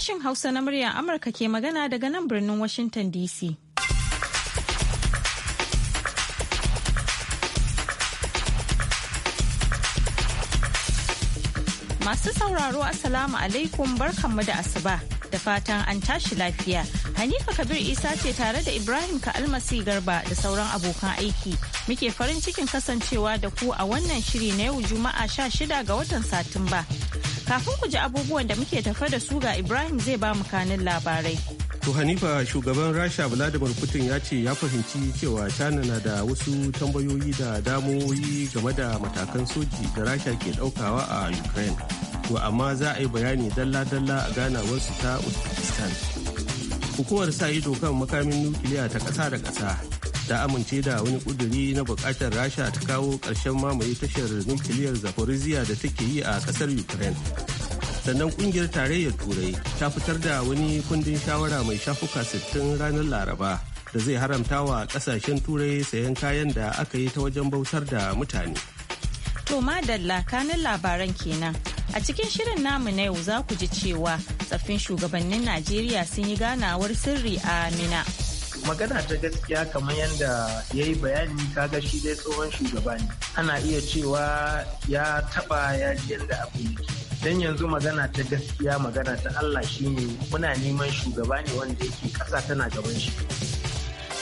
Sashen Hausa na muryar Amurka ke magana daga nan birnin Washington DC. Masu sauraro asalamu alaikum barkanmu da asuba da fatan an tashi lafiya. Hanifa Kabir Isa ce tare da Ibrahim Ka'almasi Garba da sauran abokan aiki. Muke farin cikin kasancewa da ku a wannan shiri na yau Juma'a 16 ga watan Satumba. Kafin ku ji abubuwan da muke tafa da su ga Ibrahim zai ba mu kanin labarai. To Hanifa shugaban Rasha Vladimir Putin ya ce ya fahimci cewa China na da wasu tambayoyi da damoyi game da matakan soji da Rasha ke daukawa a Ukraine. To amma za a yi bayani dalla-dalla a ganawarsu ta Uzbekistan. Hukumar sa ido kan makamin nukiliya ta ƙasa da ƙasa ta amince da wani kuduri na bukatar rasha ta kawo ƙarshen mamaye tashar nukiliyar zaporizhia da take yi a ƙasar ukraine sannan kungiyar tarayyar turai ta fitar da wani kundin shawara mai shafuka 60 ranar laraba da zai haramta wa kasashen turai sayan kayan da aka yi ta wajen bautar da mutane to madalla kanin labaran kenan a cikin shirin namu na yau za ku ji cewa tsaffin shugabannin najeriya sun yi ganawar sirri a mina magana ta gaskiya kamar yadda ya yi bayani kaga shi dai tsohon shugaba ne ana iya cewa ya taba ya yadda abu ne don yanzu magana ta gaskiya magana ta allah shi ne muna neman shugaba ne wanda yake kasa tana gaban shi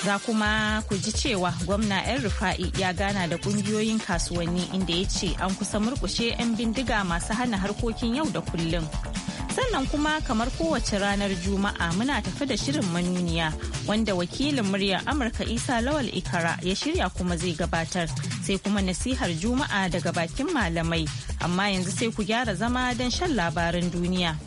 za kuma ku ji cewa gwamna yan rufa'i ya gana da kungiyoyin kasuwanni inda ya ce an kusa murkushe 'yan bindiga masu hana harkokin yau da kullum sannan kuma kamar kowace ranar juma'a muna tafi da shirin manuniya wanda wakilin muryar amurka isa lawal ikara ya shirya kuma zai gabatar sai kuma nasihar juma'a daga bakin malamai amma yanzu sai ku gyara zama don shan labaran duniya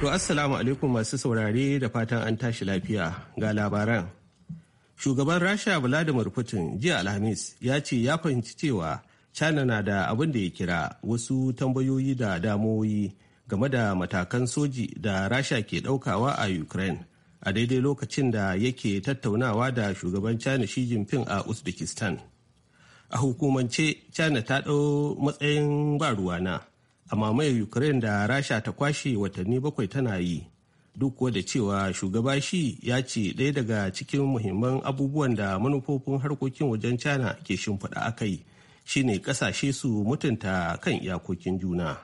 to assalamu alaikum masu saurare da fatan an tashi lafiya ga labaran shugaban rasha vladimir putin jiya alhamis ya ce ya fahimci cewa china na da abin da ya kira wasu tambayoyi da damoyi game da matakan soji da rasha ke daukawa a ukraine a daidai lokacin da yake tattaunawa da shugaban china Xi jinping a uzbekistan a hukumance china ta ɗau matsayin ba ruwana amma mai ukraine da rasha ta kwashe watanni bakwai tana yi duk da cewa shugaba shi ya ce ɗaya daga cikin muhimman abubuwan da manufofin harkokin wajen china ke shimfiɗa aka yi. shine kasashe su mutunta kan iyakokin juna.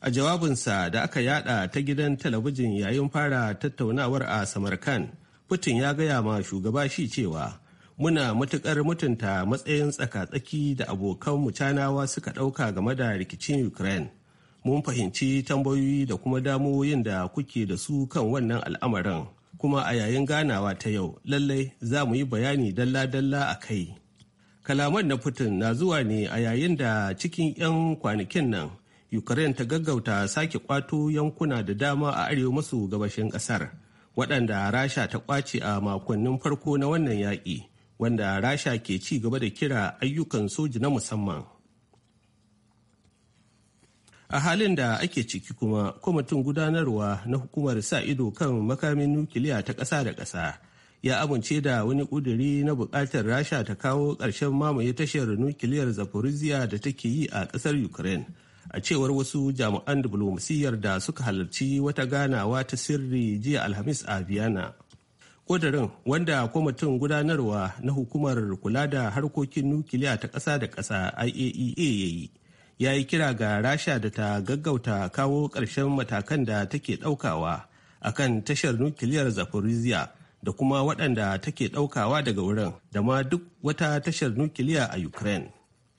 A jawabinsa da aka yada ta gidan talabijin yayin fara tattaunawar a Samarkand, Putin ya gaya ma shugaba shi cewa muna matukar mutunta matsayin tsaka-tsaki da abokan canawa suka ɗauka game da rikicin Ukraine. Mun fahimci tambayoyi da kuma damoyin da kuke da su kan wannan al'amarin, kuma a yayin ganawa ta yau lallai za mu yi bayani dalla-dalla a kai. kalaman na putin na zuwa ne a yayin da cikin 'yan kwanakin nan ukraine ta gaggauta sake kwato yankuna da dama a arewa maso gabashin kasar waɗanda rasha ta kwace a makonnin farko na wannan yaƙi wanda rasha ke ci gaba da kira ayyukan soji na musamman a halin da ake ciki kuma kwamitin gudanarwa na hukumar sa ido kan makamin nukiliya ta ƙasa da ƙasa ya amince da wani ƙudiri na buƙatar rasha ta kawo ƙarshen mamaye tashar nukiliyar zaporizhia da take yi a ƙasar ukraine a cewar wasu jami'an diflomasiyyar da suka halarci wata ganawa ta sirri jiya alhamis a vienna ƙudurin wanda kwamitin gudanarwa na hukumar kula da harkokin nukiliya ta ƙasa da ƙasa iaea e ya yi ya yi kira ga rasha da ta gaggauta kawo ƙarshen matakan da take ɗaukawa akan tashar nukiliyar zaporizhia da kuma waɗanda take ɗaukawa daga wurin da ma duk wata tashar nukiliya a Ukraine.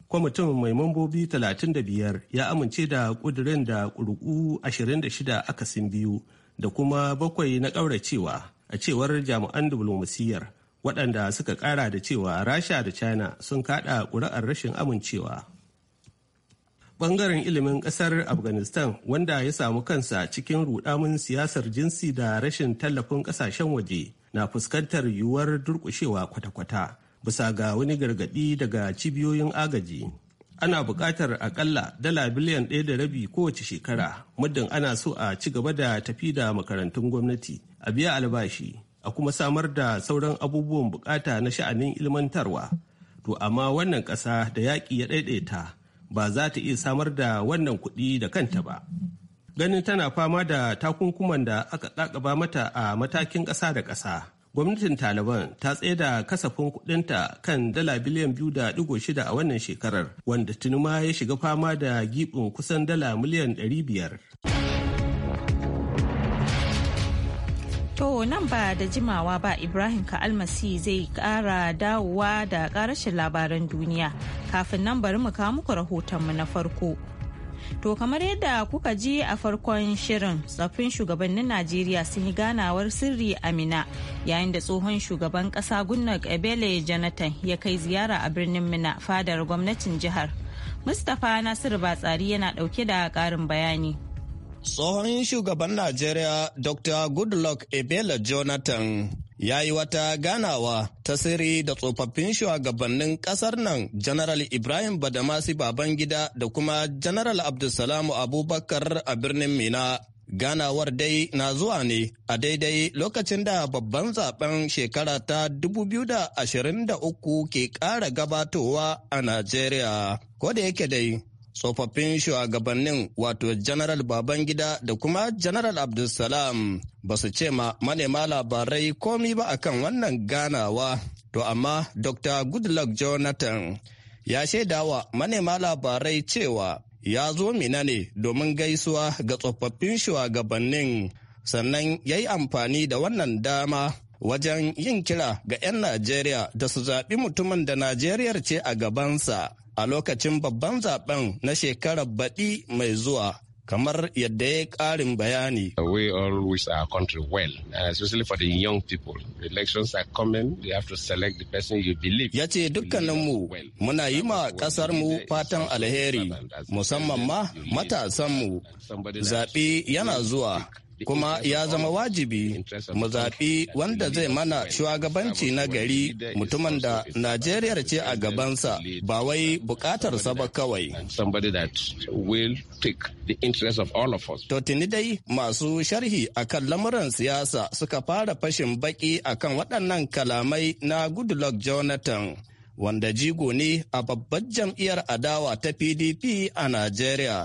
Kwamitin mai mambobi 35 ya amince da ƙudurin da ƙuruƙu 26 sin biyu da kuma bakwai na ƙauracewa a cewar jami'an diflomasiyyar waɗanda suka ƙara da cewa Rasha da China sun kaɗa ƙuri'ar rashin amincewa. bangaren ilimin ƙasar afghanistan wanda ya samu kansa cikin rudamin siyasar jinsi da rashin tallafin ƙasashen waje na fuskantar yiwuwar durƙushewa kwata-kwata bisa ga wani gargaɗi daga cibiyoyin agaji ana buƙatar akalla dala biliyan ɗaya da rabi kowace shekara muddin ana so a ci gaba da tafi da makarantun gwamnati a biya albashi a kuma samar da sauran abubuwan bukata na sha'anin ilmantarwa to amma wannan ƙasa da yaƙi ya ɗaiɗaita ba za ta iya samar da wannan kuɗi da kanta ba ganin tana fama da takunkuman da aka ɗaƙaba mata a matakin ƙasa da ƙasa. Gwamnatin Taliban ta tsaye da kasafin kuɗinta kan dala biliyan biyu da digo shida a wannan shekarar, wanda tuni ma ya shiga fama da giɓin kusan dala miliyan ɗari biyar. To nan ba da jimawa ba Ibrahim Ka'almasi zai kara dawowa da karashin labaran duniya. Kafin nan bari mu kawo muku rahotonmu na farko. To kamar yadda kuka ji a farkon shirin tsoffin shugabannin Najeriya sun yi ganawar sirri Amina yayin da tsohon shugaban kasa Gunnar Ebele Jonathan ya kai ziyara a birnin Mina fadar gwamnatin jihar. Mustapha Nasiru Batsari yana dauke da karin bayani. Tsohon shugaban Najeriya Dr. Goodluck Ebele Jonathan ya yi wata ganawa ta sirri da tsofaffin shugabannin kasar nan General Ibrahim Badamasi Babangida da kuma General Abdulsalamu Abubakar a birnin Mina. Ganawar dai na zuwa ne a daidai lokacin da babban zaben shekara ta 2023 ke ƙara gabatowa a Najeriya. Ko yake dai tsofaffin shugabannin wato General Babangida da kuma General Abdulsalam ba su ce ma manema labarai komi ba akan wannan ganawa. To amma Dr. Goodluck Jonathan ya shaidawa manema labarai cewa ya zo mina ne domin gaisuwa ga tsofaffin shugabannin sannan ya yi amfani da wannan dama wajen yin kira ga 'yan Najeriya da su zaɓi mutumin da Najeriyar ce a gabansa a lokacin babban zaben na shekarar baɗi mai zuwa kamar yadda ya ƙarin bayani. We all wish our country well, and especially for the young people. The elections are coming, you have to select the person you believe. Ya ce dukkaninmu muna yi ma ƙasarmu fatan alheri, musamman ma matasanmu. Zaɓe yana zuwa, kuma ya zama wajibi mu zaɓi wanda zai mana shugabanci na gari mutumin da Najeriya ce a gabansa ba wai bukatarsa ba kawai. To tuni dai masu sharhi akan lamuran siyasa suka fara fashin baki akan waɗannan kalamai na Goodluck Jonathan. Wanda jigo ne a babbar jam'iyyar adawa ta PDP a Najeriya.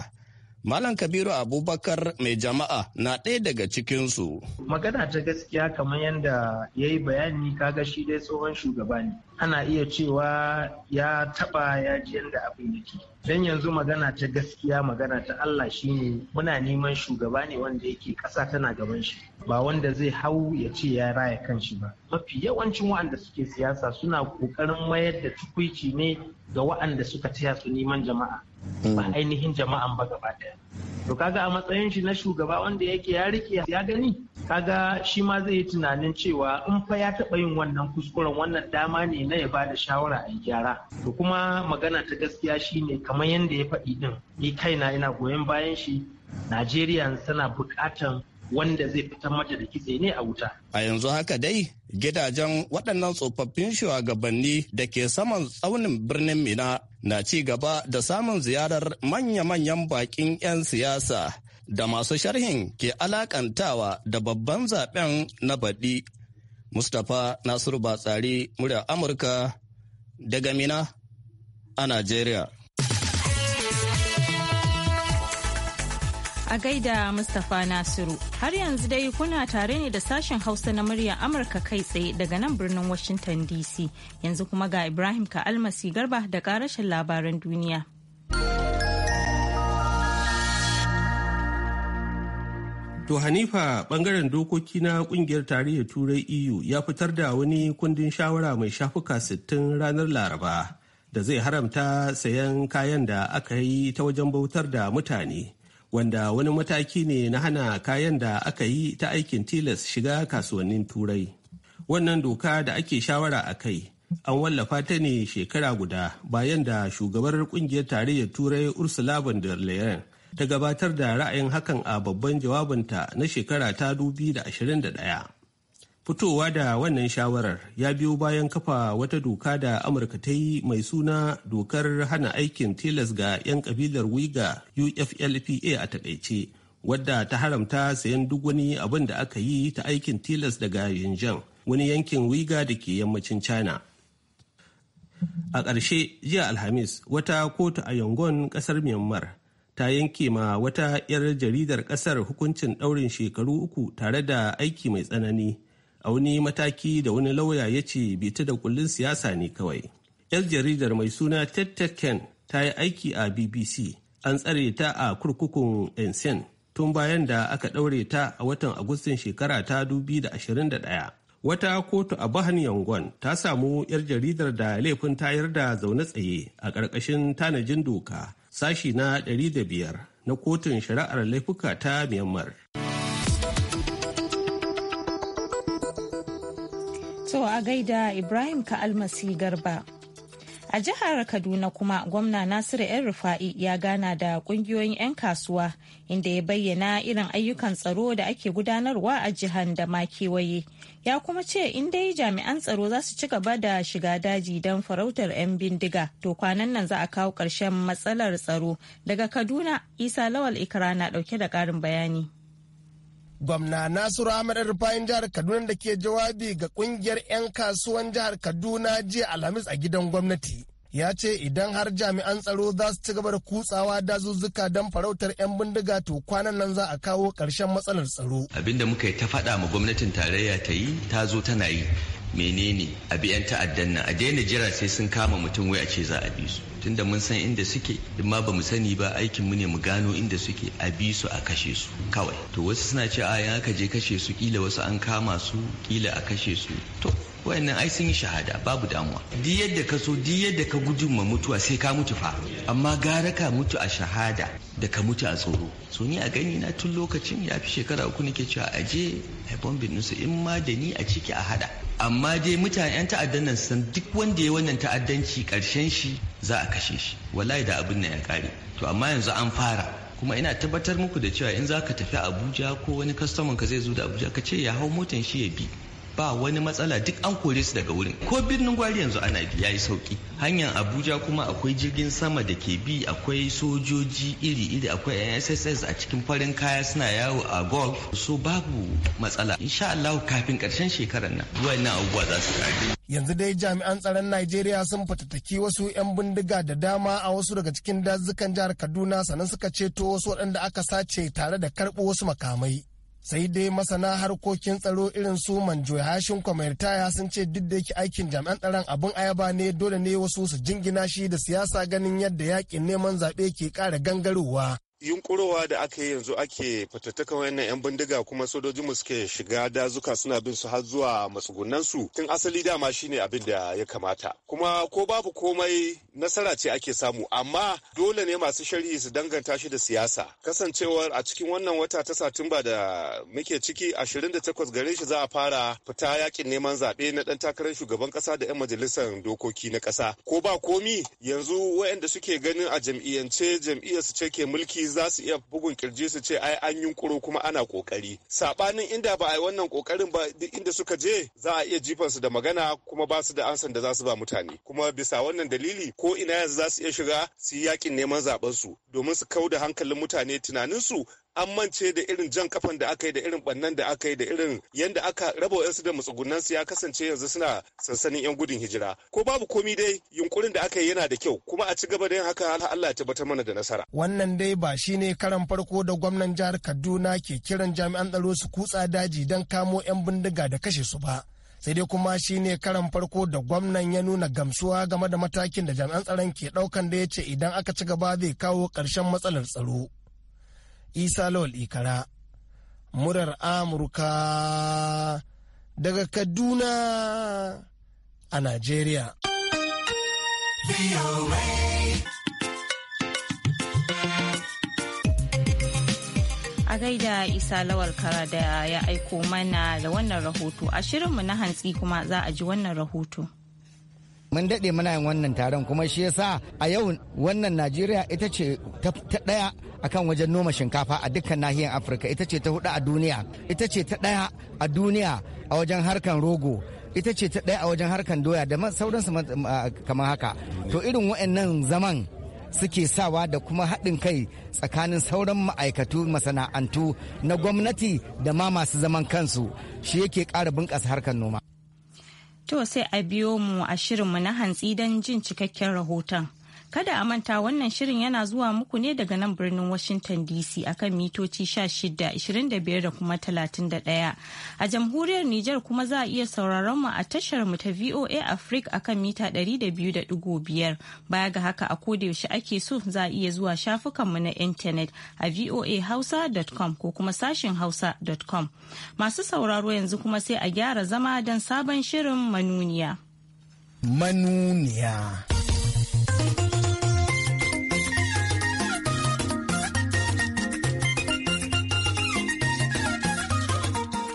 Malam Kabiru Abubakar mai jama'a na ɗaya daga cikinsu. Magana ta gaskiya kamar yadda ya yi bayani kaga shi dai tsohon shugaba ne. Ana iya cewa ya taɓa ya ji yadda abu yake. Don yanzu magana ta gaskiya magana ta Allah shi ne muna neman shugaba ne wanda yake ƙasa tana gaban shi. Ba wanda zai hau ya ce ya raya kan ba. Mafi yawancin waɗanda suke siyasa suna ƙoƙarin mayar da tukuici ne ga wa'anda suka taya su neman jama'a. ba mm. ainihin jama'an ba gaba daya to kaga a matsayin shi na shugaba wanda yake ya rike ya gani kaga shi ma zai yi tunanin cewa in fa ya taɓa yin wannan kuskuren wannan dama ne na ya ba da shawara a gyara to kuma magana ta gaskiya shine kamar yadda ya faɗi din ni kai na ina goyon bayan shi najeriya tana buƙatan wanda zai fitar mata da kitse ne a wuta. A yanzu haka dai gidajen waɗannan tsofaffin shugabanni da ke saman tsaunin birnin Mina na ci gaba da samun ziyarar manya-manyan bakin 'yan siyasa da masu sharhin ke alakantawa da babban zaben na baɗi. Mustapha Nasiru Batsari, murya Amurka daga Mina a Najeriya. a gaida Mustapha Nasiru. Har yanzu dai kuna tare ne da sashen Hausa na muryar Amurka kai tsaye daga nan birnin Washington DC. Yanzu kuma ga Ibrahim Ka'almasi Garba da karashin labaran duniya. To Hanifa bangaren dokoki na kungiyar tarayyar Turai EU ya fitar da wani kundin shawara mai shafuka 60 ranar Laraba da zai haramta sayan kayan da aka yi ta wajen bautar da mutane. wanda wani mataki ne na hana kayan da aka yi ta aikin tilas shiga kasuwannin turai wannan doka da ake shawara a kai an wallafa ta ne shekara guda bayan da shugabar kungiyar tarayyar turai ursula von der leyen ta gabatar da ra'ayin hakan a babban jawabinta na shekara ta 2021 fitowa da wannan shawarar ya biyo bayan kafa wata doka da amurka ta yi mai suna dokar hana aikin tilas ga 'yan kabilar wiga uflpa a takaice wadda ta haramta sayan duk wani abin da aka yi ta aikin tilas daga yinjan wani yankin wiga da ke yammacin china a ƙarshe jiya alhamis wata kotu a yangon ƙasar myanmar ta yanke ma wata 'yar jaridar ƙasar hukuncin ɗaurin shekaru uku tare da aiki mai tsanani a wani mataki da wani lauya ya ce ta da kullun siyasa ne kawai. 'Yar jaridar mai suna tetteken Ken ta yi aiki a BBC an tsare ta a kurkukun Ensign tun bayan da aka ɗaure ta a watan Agustan shekara ta ɗaya. Wata kotu a Bahan Yangon ta samu 'yar jaridar da laifin tayar da zaune tsaye a ƙarƙashin tanajin doka sashi na 105 na kotun shari'ar laifuka ta Myanmar. gaida Ibrahim ka almasi Garba. A jihar Kaduna kuma gwamna Nasiru 'yan rufa'i ya gana da kungiyoyin 'yan kasuwa inda ya bayyana irin ayyukan tsaro da ake gudanarwa a jihar da ma kewaye. Ya kuma ce in dai jami'an tsaro za su ci gaba da shiga daji don farautar 'yan bindiga to kwanan nan za a kawo ƙarshen matsalar tsaro. Daga Kaduna, Isa Lawal Ikra na ɗauke da ƙarin bayani. gwamna nasiru ahmed rufayin jihar kaduna da ke jawabi ga kungiyar 'yan kasuwan jihar kaduna jiya alhamis a gidan gwamnati ya ce idan har jami'an tsaro za su ci gaba da kutsawa dazuzzuka don farautar 'yan bindiga to kwanan nan za a kawo ƙarshen matsalar tsaro abinda muka yi ta faɗa ma gwamnatin tarayya ta yi ta zo tana yi menene abi 'yan ta'addan nan a daina jira sai sun kama mutum wai a ce za a bi su tunda mun san inda suke ma ba mu sani ba aikin mu ne mu gano inda suke a bi su a kashe su kawai to wasu suna ce a yan aka je kashe su kila wasu an kama su kila a kashe su to wayannan ai sun yi shahada babu damuwa di yadda ka so di yadda ka gudun ma mutuwa sai ka mutu fa amma gara ka mutu a shahada da ka mutu a tsoro so ni a gani na tun lokacin ya fi shekara uku nake cewa a je a in ma da ni a ciki a hada amma dai mutane yan ta'addan nan san duk wanda ya wannan ta'addanci karshen shi za a kashe shi wallahi da abin nan ya kare to amma yanzu an fara kuma ina tabbatar muku da cewa in za ka tafi abuja ko wani kastoman ka zai zo da abuja ka ce ya hau motan shi ya bi ba wani matsala duk an kore su daga wurin ko birnin gwari yanzu ana bi yayi sauki hanyar abuja kuma akwai jirgin sama da ke bi akwai sojoji iri-iri akwai nsss a cikin farin kaya suna yawo a golf so babu matsala insha Allah kafin karshen shekarar nan wayannan abubuwa za su kare yanzu dai jami'an tsaron Najeriya sun fatattaki wasu 'yan bindiga da dama a wasu daga cikin dazukan jihar Kaduna sannan suka ceto wasu waɗanda aka sace tare da karɓo wasu makamai sai dai masana harkokin tsaro irin su manjoy hashin kwamitaya sun ce duk da yake aikin jami'an tsaron abin ayaba ne dole ne wasu su jingina shi da siyasa ganin yadda yakin neman zaɓe ke ƙara gangarowa yunkurowa da aka yi yanzu ake fatattaka wayannan 'yan bindiga kuma mu suke shiga dazuka suna bin su har zuwa su. tun asali dama shine abin da ya kamata kuma ko babu komai nasara ce ake samu amma dole ne masu sharhi su danganta shi da siyasa kasancewar a cikin wannan wata ta satumba da muke ciki 28 gare shi za a fara fita yakin neman zaɓe na ɗan takarar shugaban ƙasa da 'yan majalisar dokoki na ƙasa ko ba komi yanzu wayanda suke ganin a jam'iyyance jam'iyyar su ce ke mulki za su iya bugun kirji su ce ai an kuro kuma ana kokari sabanin inda ba a yi wannan kokarin ba duk inda suka je za a iya jifan su da magana kuma ba su da ansan da za su ba mutane kuma bisa wannan dalili ko ina yanzu za su iya shiga su yi yakin neman zaben su domin su kau da hankalin mutane tunanin su an mance da irin jan kafan da aka yi da irin bannan da aka yi da irin yadda aka raba yansu da matsugunan su ya kasance yanzu suna sansanin yan gudun hijira ko babu komi dai yunkurin da aka yi yana da kyau kuma a ci gaba da yin haka har Allah ya tabbatar mana da nasara wannan dai ba shine karan farko da gwamnan jihar Kaduna ke kiran jami'an tsaro su kutsa daji don kamo yan bindiga da kashe su ba sai dai kuma shi ne karan farko da gwamnan ya nuna gamsuwa game da matakin da jami'an tsaron ke daukan da ya ce idan aka ci gaba zai kawo karshen matsalar tsaro. isa lawal ikara murar amurka daga kaduna a najeriya a gaida isa lawal kara da ya aiko mana da wannan rahoto a shirinmu na hantsi kuma za a ji wannan rahoto mun daɗe muna yin wannan taron kuma shi yasa a yau wannan najeriya ita ce ta ɗaya akan wajen noma shinkafa a dukkan nahiyar afirka ita ce ta hudu a duniya ita ce ta ɗaya a duniya a wajen harkan rogo ita ce ta ɗaya a wajen harkan doya da sauransu kamar haka to irin wa'annan zaman suke sawa da kuma haɗin kai tsakanin sauran ma'aikatu masana'antu na gwamnati da ma masu zaman kansu shi yake ƙara bunƙasa harkar noma. To sai a biyo mu a shirinmu na hantsi don jin cikakken rahoton. Kada a manta wannan shirin yana zuwa muku ne daga nan birnin Washington DC akan mitoci 16, 25 da kuma 31. A jamhuriyar Nijar kuma za a iya sauraron mu a tashar mu ta VOA Africa akan mita 200.5. Baya ga haka a yaushe ake so za a iya zuwa shafukan mu na intanet a voahausa.com ko kuma sashin hausa.com. Masu sauraro yanzu kuma sai a gyara zama don sabon shirin manuniya. Manuniya.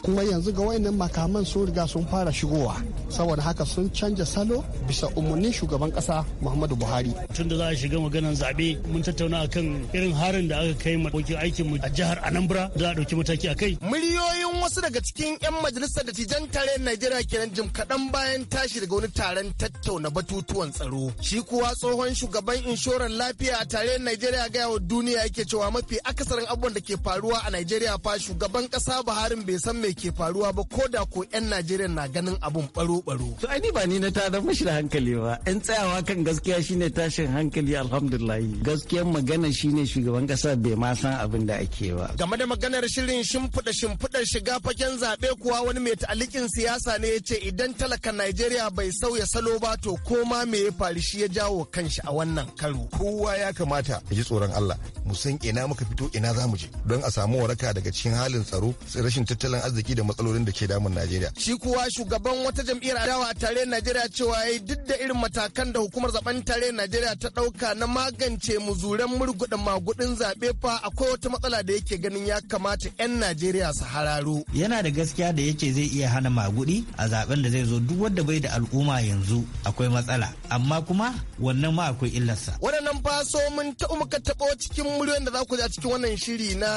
kuma yanzu ga wayannan makaman sun riga sun fara shigowa saboda haka sun canja salo bisa umarnin shugaban kasa muhammadu buhari tun da za a shiga maganar zabe mun tattauna akan irin harin da aka kai mabokin aikin mu a jihar anambra za a dauki mataki a kai miliyoyin wasu daga cikin yan majalisar da dattijan tare najeriya kenan jim kaɗan bayan tashi daga wani taron tattauna batutuwan tsaro shi kuwa tsohon shugaban inshorar lafiya a tare najeriya gaya wa duniya yake cewa mafi akasarin abubuwan da ke faruwa a najeriya fa shugaban kasa buharin bai san me ke faruwa ba ko da ko yan najeriya na ganin abun baro baro. To ai ni ba ni na ta da hankali ba. In tsayawa kan gaskiya shine tashin hankali alhamdulillah. Gaskiyar magana shine shugaban kasa bai ma san abin da ake ba. Game da maganar shirin shimfiɗa shimfiɗa shiga fagen zaɓe kuwa wani mai ta'alikin siyasa ne ya ce idan talakan Najeriya bai sauya salo ba to koma me ya faru shi ya jawo kanshi a wannan karo. Kowa ya kamata ya ji tsoron Allah mu san ina muka fito ina za mu je don a samu waraka daga cikin halin tsaro rashin tattalin arziki da matsalolin da ke damun Najeriya. Shi kuwa shugaban wata jam'iyyar jam'iyyar adawa tare najeriya cewa ya yi duk da irin matakan da hukumar zaben tare najeriya ta ɗauka na magance muzuren murguɗin magudin zaɓe fa akwai wata matsala da yake ganin ya kamata 'yan najeriya su hararo yana da gaskiya da yake zai iya hana magudi a zaben da zai zo duk wanda bai da al'umma yanzu akwai matsala amma kuma wannan ma akwai illarsa waɗannan faso mun taɓa muka taɓa cikin muryoyin da za ku ji a cikin wannan shiri na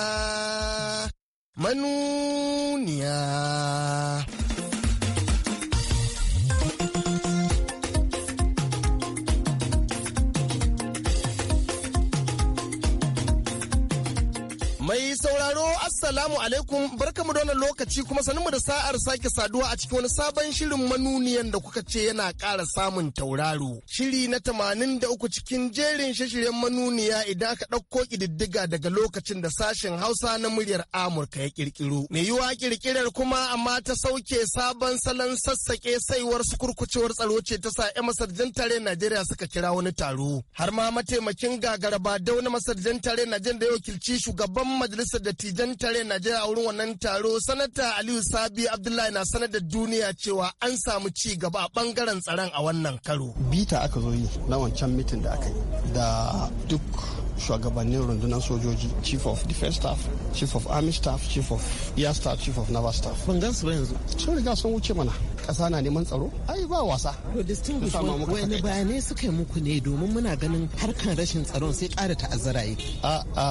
manuniya ¡No! Assalamu alaikum barkamu da wannan lokaci kuma sanin da sa'ar sake saduwa a cikin wani sabon shirin manuniyan da kuka ce yana kara samun tauraro. Shiri na tamanin da uku cikin jerin shirin manuniya idan aka ɗauko ƙididdiga daga lokacin da sashen Hausa na muryar Amurka ya ƙirƙiro. Me yiwuwa ƙirƙirar kuma amma ta sauke sabon salon sassaƙe saiwar su kurkucewar tsaro ce ta sa 'yan masarjan tare Najeriya suka kira wani taro. Har ma mataimakin gagaraba da wani masarjan tare Najeriya da ya wakilci shugaban majalisar dattijan tare tarayyar Najeriya a wurin wannan taro sanata Aliyu Sabi Abdullahi na sanar da duniya cewa an samu ci gaba a ɓangaren tsaron a wannan karo. Bita aka zo yi na wancan mitin da aka yi da duk shugabannin rundunar sojoji chief of defense staff chief of army staff chief of air staff chief of naval staff ban gansu ba yanzu sun riga sun wuce mana kasa na neman tsaro ai ba wasa to distinguish wani bayanai suka yi muku ne domin muna ganin harkan rashin tsaron sai ƙara ta'azzara yi a a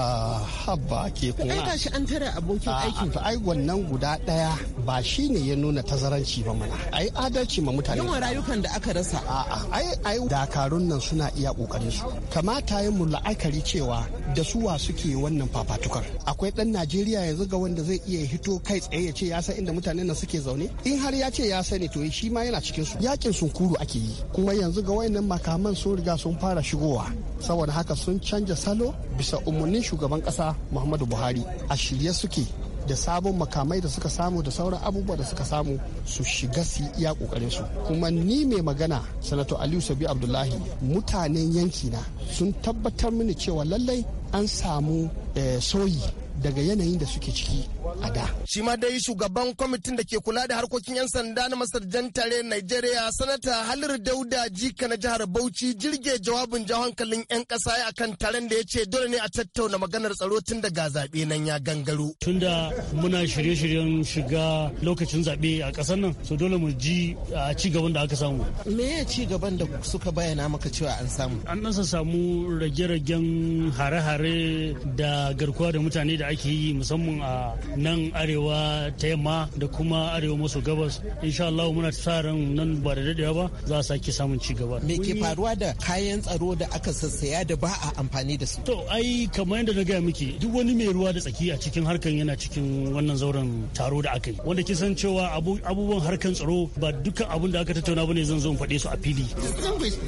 habba ke kuma ai gashi an tare abokin aikin to ai wannan guda daya ba shine ya nuna tazaranci ba mana ai adalci ma mutane yawan rayukan da aka rasa a a ai ai dakarun nan suna iya kokarin su kamata yin mu la'akari cewa da suwa suke wannan fafatukar akwai dan najeriya yanzu ga wanda zai iya hito kai tsaye ya ce ya san inda mutanen nan suke zaune in har ya ce ya sani to shi ma yana cikin su yakin sunkuru ake yi kuma yanzu ga wayannan makaman sun riga sun fara shigowa saboda haka sun canja salo bisa umarnin shugaban kasa muhammadu buhari a shirye suke da sabon makamai da suka samu da sauran abubuwa da suka samu su shiga su iya kokarin su kuma ni mai magana sanato aliyu sabi abdullahi mutanen yankina sun tabbatar mini cewa lallai an samu eh, soyi daga yanayin da suke ciki a da. Shi ma dai shugaban kwamitin da ke kula da harkokin 'yan sanda na Masar Jantare Tare Nigeria sanata Halir Dauda Jika na jihar Bauchi jirge jawabin jawo hankalin 'yan ƙasa kan taron da ya ce dole ne a tattauna maganar tsaro tun daga zaɓe nan ya gangaro. Tunda muna shirye-shiryen shiga lokacin zaɓe a ƙasar nan so dole mu ji a ci gaban da aka samu. Me ya ci gaban da suka bayyana maka cewa an samu? An nasa samu rage-ragen hare-hare da garkuwa da mutane da ake yi musamman a nan arewa ta yamma da kuma arewa maso gabas insha Allah muna sa ran nan ba da dadewa ba za a sake samun ci gaba me ke faruwa da kayan tsaro da aka sassaya da ba a amfani da su to ai kamar yadda na gaya miki duk wani mai ruwa da tsaki a cikin harkan yana cikin wannan zauren taro da aka yi wanda san cewa abubuwan harkan tsaro ba dukkan abun da aka tattauna bane zan zo in faɗe su a fili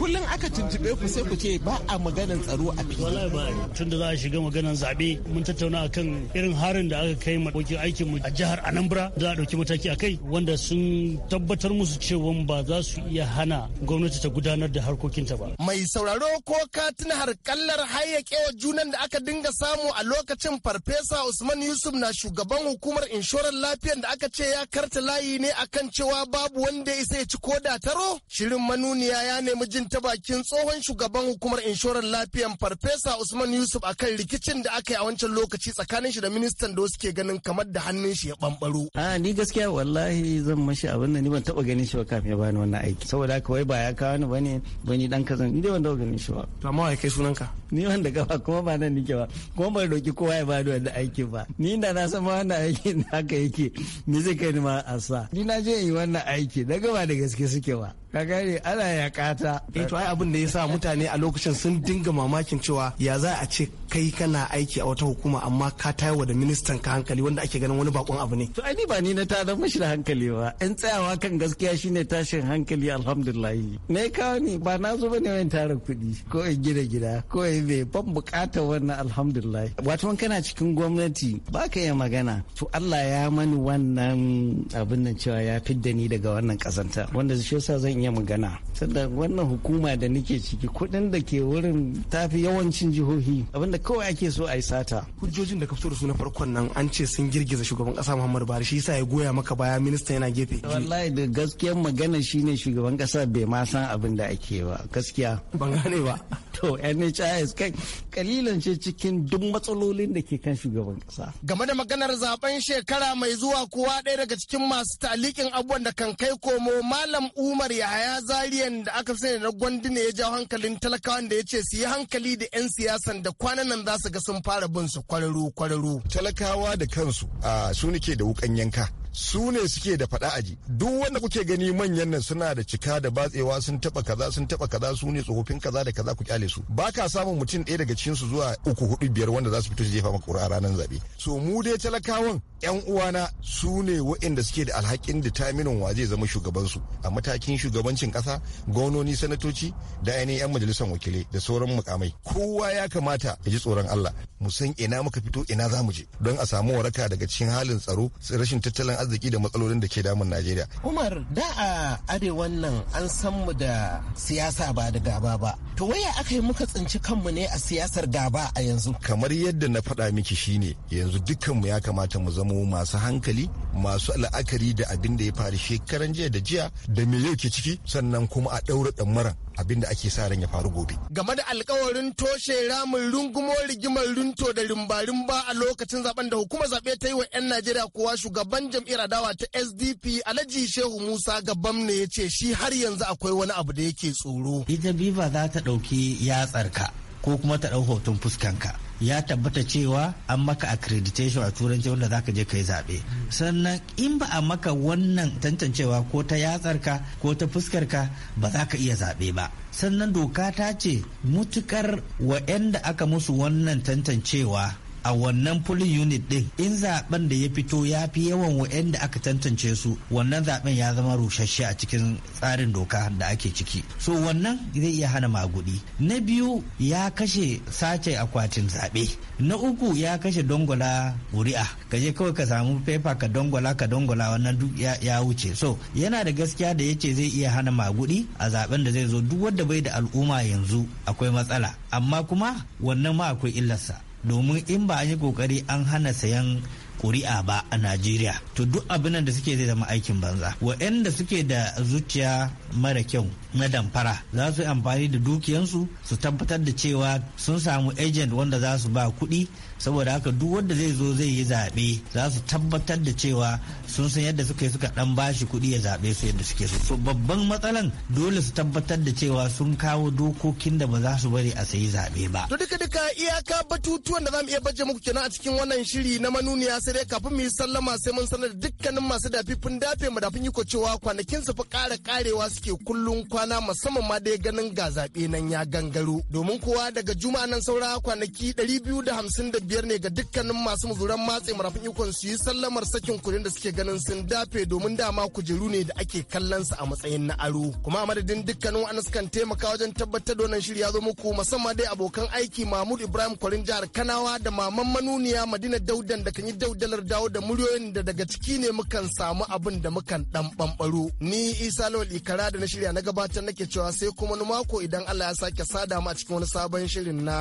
kullum aka tuntube ku sai ku ce ba a maganar tsaro a fili wallahi ba tunda za a shiga maganar zabe mun tattauna akan irin harin da aka kai ma abokin aikin mu a jihar Anambra za a ɗauki mataki a kai wanda sun tabbatar musu cewa ba za su iya hana gwamnati ta gudanar da harkokinta ba. Mai sauraro ko ka tuna harkallar hayyakewa junan da aka dinga samu a lokacin farfesa Usman Yusuf na shugaban hukumar inshorar lafiyar da aka ce ya karta layi ne akan cewa babu wanda ya isa ya ci koda taro? Shirin manuniya ya nemi jin ta bakin tsohon shugaban hukumar inshorar lafiyar farfesa Usman Yusuf akan rikicin da aka yi a wancan lokaci tsakanin shi da ministan da wasu ke ganin kamar da hannun shi ya bambaro. A ni gaskiya wallahi zan mashi abin da ni ban taba ganin shi ba kafin ya bani wannan aiki. Saboda haka wai ba ya kawo ni bane bani dan kazan ni dai ban taba ganin shi ba. To amma wai kai sunanka? Ni wanda gaba kuma ba nan nike ba. Kuma ban roki kowa ya bani wannan aiki ba. Ni da na san ma wannan aiki haka yake. Ni zai kai ni ma asa. Ni na je yi wannan aiki. Na gaba da gaske suke ba. ka gane ana ya kata eh to ai abin da ya sa mutane a lokacin sun dinga mamakin cewa ya za a ce kai kana aiki a wata hukuma amma ka tayawa da ministan ka hankali wanda ake ganin wani bakon abu ne to ai ni ba ni na ta da mashi da hankali ba in tsayawa kan gaskiya shine tashin hankali alhamdulillah ne kawo ni ba na zo bane wani tara kuɗi ko in gida gida ko in bai ban bukata wannan alhamdulillah wato kana cikin gwamnati ba ka iya magana to Allah ya mani wannan abin nan cewa ya fidda ni daga wannan kazanta wanda shi yasa zan zan iya magana saboda wannan hukuma da nake ciki kuɗin da ke wurin tafi yawancin jihohi abinda kawai ake so a yi sata hujjojin da ka fito da su na farkon nan an ce sun girgiza shugaban kasa muhammadu buhari shi yasa ya goya maka baya minista yana gefe wallahi da gaskiya magana shine shugaban kasa bai ma san abin da ake ba gaskiya ban gane ba to nhis kai kalilan ce cikin duk matsalolin da ke kan shugaban kasa game da maganar zaben shekara mai zuwa kuwa ɗaya daga cikin masu talikin abubuwan da kan kai komo malam umar ya yaya zariyan da aka sani na gwandi ne ya jawo hankalin talakawan da ya ce su yi hankali da 'yan siyasan da kwanan nan za su ga sun fara bin su kwararo kwararo talakawa da kansu a su da wukan yanka su ne suke da faɗa aji duk wanda kuke gani manyan nan suna da cika da batsewa sun taba kaza sun taba kaza su ne tsofaffin kaza da kaza ku kyale su ba ka samun mutum ɗaya daga cikin su zuwa uku hudu biyar wanda za su fito su jefa maka ƙura ranar zaɓe so mu dai talakawan yan uwana su ne waɗanda suke da alhakin da taminin wa zai zama shugabansu a matakin shugabancin kasa gwamnoni sanatoci da ainihin yan majalisar wakilai da sauran mukamai kowa ya kamata ya ji tsoron Allah mu san ina muka fito ina za mu je don a samu waraka daga cikin halin tsaro rashin tattalin arziki da matsalolin da ke damun Najeriya. Umar da a arewan nan an san mu da siyasa ba da gaba ba. To waya aka yi muka tsinci kanmu ne a siyasar gaba a yanzu. Kamar yadda na faɗa miki shine yanzu dukkanmu ya kamata mu zamo masu hankali masu la'akari da abin da ya faru shekaran jiya da jiya da me yau ke ciki sannan kuma a ɗaura ɗamaran abin da ake sa ran ya faru gobe. Game da alkawarin toshe ramin rungumo rigimar runto da rimba-rimba a lokacin zaben da hukumar zaɓe ta yi wa 'yan Najeriya kowa shugaban jam'iyyar adawa ta SDP Alhaji Shehu Musa Gabam ne ya ce shi har yanzu akwai wani abu da yake tsoro. Ita biba za ta ɗauki yatsarka ko kuma ta ɗau hoton fuskanka. ya tabbata cewa an maka accreditation a turanci wanda zaka je kai zabe sannan in ba a maka wannan tantancewa ko ta yatsarka ko ta fuskarka ba za ka iya zabe ba sannan doka ta ce mutukar wa'yanda aka musu wannan tantancewa a wannan polling unit din in zaben da ya fito ya fi yawan wa'anda aka tantance su wannan zaben ya zama rushashe a cikin tsarin doka da ake ciki so wannan zai iya hana magudi na biyu ya kashe sace akwatin zaɓe na uku ya kashe dongola ƙuri'a ka je kawai ka samu fefa ka dongola ka dongola wannan duk ya wuce so yana da gaskiya da yace zai iya hana magudi a zaben da zai zo duk wanda bai da al'umma yanzu akwai matsala amma kuma wannan ma akwai illarsa domin in ba an yi kokari an hana sayan Kuri'a ba a najeriya to duk abin da suke zai zama aikin banza waɗanda suke da zuciya mara kyau na damfara za su yi amfani da dukiyansu su tabbatar da cewa sun samu agent wanda za su ba kuɗi saboda haka duk wanda zai zo zai yi zaɓe za su tabbatar da cewa sun san yadda suka yi suka ɗan bashi kuɗi ya zaɓe su yadda suke so babban matsalan dole su tabbatar da cewa sun kawo dokokin da ba za su bari a sayi zaɓe ba. To duka duka iyaka batutuwan da za mu iya baje muku kenan a cikin wannan shiri na manuniya sai dai kafin mu yi sallama sai mun sanar da dukkanin masu dafifin dafe mu dafin iko cewa kwanakin su fa ƙara ƙarewa suke kullun kwana musamman ma dai ganin ga zaɓe nan ya gangaro. Domin kuwa daga juma'a nan saura kwanaki biyu da da hamsin biyar ne ga dukkanin masu muzuran matse mu dafin ikon su yi sallamar sakin kuɗin da suke ganin sun dafe domin dama kujeru ne da ake kallon su a matsayin na aro. Kuma a madadin dukkanin wa'anda sukan taimaka wajen tabbatar da wannan shirya zo muku musamman dai abokan aiki Mahmud Ibrahim Kwarin jihar Kanawa da Maman Manuniya Madina Daudan da kan yi dalar dawo da muryoyin da daga ciki ne mukan samu abin da mukan dan bambaro ni isa lawal ikara da na shirya na gabatar nake cewa sai kuma ni mako idan allah ya sake sada mu a cikin wani sabon shirin na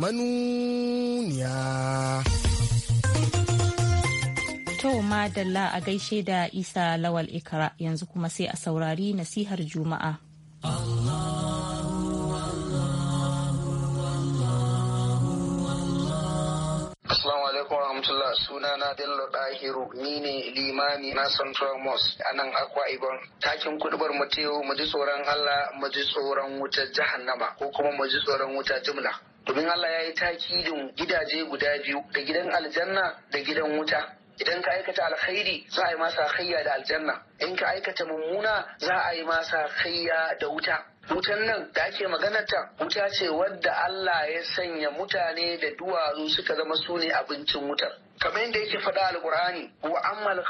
manuniya To madalla a gaishe da isa lawal ikara yanzu kuma sai a saurari nasihar juma'a Allah alaikum rahmatullah suna na Bello Dahiru ni ne limani na Central Mosque a nan Akwa ibon Takin kudubar mu mu ji tsoron Allah mu ji tsoron wutar jahannama ko kuma mu ji tsoron wuta jimla. Domin Allah ya yi takidin gidaje guda biyu da gidan aljanna da gidan wuta. idan ka aikata alkhairi za a yi masa khayya da aljanna in ka aikata mummuna za a yi masa khayya da wuta wutan nan da ake ta wuta ce wadda Allah ya sanya mutane da duwatsu suka zama su ne abincin wutar kamar yadda yake faɗa alƙur'ani wa ammal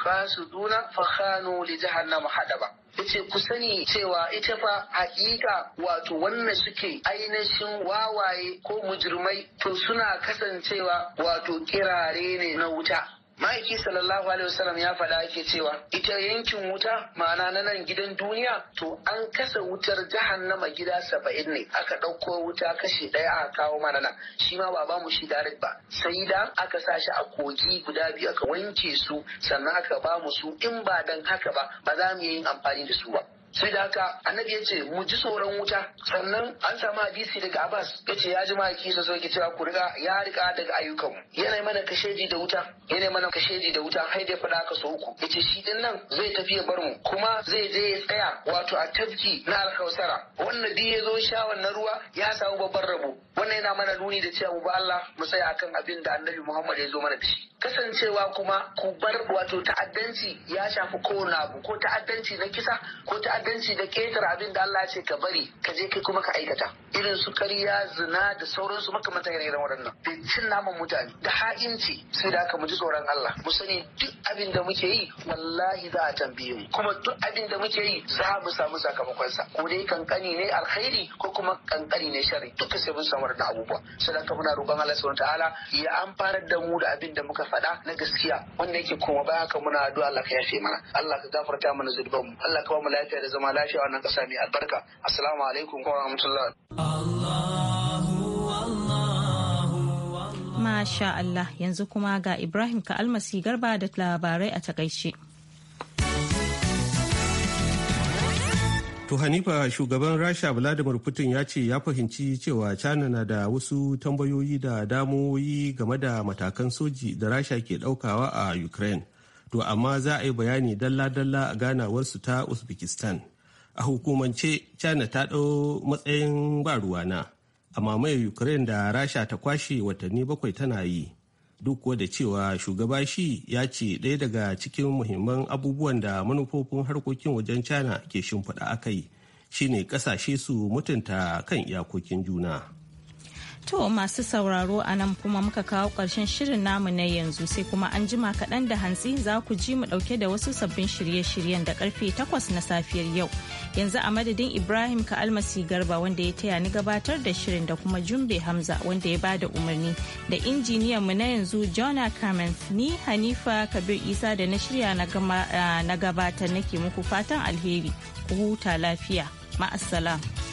duna fa khanu li jahannama hadaba yace ku sani cewa ita fa haƙiƙa wato wannan suke ainihin wawaye ko mujrimai to suna kasancewa wato kirare ne na wuta ma'aiki sallallahu alaihi wasallam ya faɗa ake cewa ita yankin wuta ma'ana na nan gidan duniya to an kasa wutar jahannama gida saba'in ne aka ɗauko wuta kashi ɗaya a kawo mana nan shi ma ba bamu shi direct ba sai da aka sa shi a kogi guda biyu aka wanke su sannan aka bamu su in ba dan haka ba ba za mu yi amfani da su ba sai da haka annabi ya ce mu ji tsoron wuta sannan an samu hadisi daga abbas ya ce ya ji ki sa soke cewa ku riga ya riga daga ayyukan mu yana mana kasheji da wuta yana mana kasheji da wuta har da fada ka so uku ya ce shi din nan zai tafi ya bar mu kuma zai je ya tsaya wato a tafki na alkausara wannan duk ya zo sha wannan ruwa ya samu babban rabo wannan yana mana nuni da cewa ba Allah mu tsaya akan abin da annabi Muhammad ya zo mana da shi kasancewa kuma ku bar wato ta'addanci ya shafi kowane abu ko ta'addanci na kisa ko ta'addanci ta'addanci da ketar abin da Allah ce ka bari ka je kai kuma ka aikata irin su karya zina da sauransu makamantan irin waɗannan da cin naman mutane da ha'inci sai da aka mu ji tsoron Allah mu sani duk abin da muke yi wallahi za a tambaye mu kuma duk abin da muke yi za mu samu sakamakon sa ko dai kankani ne alkhairi ko kuma kankani ne sharri duk sai mun samu da abubuwa sadaka muna roƙon Allah subhanahu ta'ala ya amfana da mu da abin da muka faɗa na gaskiya wanda yake kuma ba ka muna addu'a Allah ka yafe mana Allah ka gafarta mana mu. Allah ka ba mu lafiya da zama lafiya wannan kasa mai albarka assalamu alaikum wa rahmatullah Masha Allah yanzu kuma ga Ibrahim ka almasi garba da labarai a takaice. To Hanifa shugaban Rasha Vladimir Putin ya ce ya fahimci cewa China na da wasu tambayoyi da damoyi game da matakan soji da Rasha ke daukawa a Ukraine. to amma za a yi bayani dalla-dalla a ganawarsu ta uzbekistan a hukumance china ta ɗau matsayin ba ruwana amma mai ukraine da rasha ta kwashe watanni bakwai tana yi duk da cewa shugaba shi ya ce ɗaya daga cikin muhimman abubuwan da manufofin harkokin wajen china ke shimfiɗa aka yi shine ƙasashe su mutunta kan iyakokin juna To masu sauraro a nan kuma muka kawo ƙarshen shirin namu na yanzu sai kuma an jima kaɗan da hantsi za ku ji mu ɗauke da wasu sabbin shirye-shiryen da ƙarfe takwas na safiyar yau. Yanzu a madadin Ibrahim ka almasi garba wanda ya taya ni gabatar da shirin da kuma Jumbe Hamza wanda ya bada umarni da injiniyan mu na yanzu Jona Kamen ni Hanifa Kabir Isa da na shirya eh, na gabatar nake muku fatan alheri ku huta lafiya ma'asala.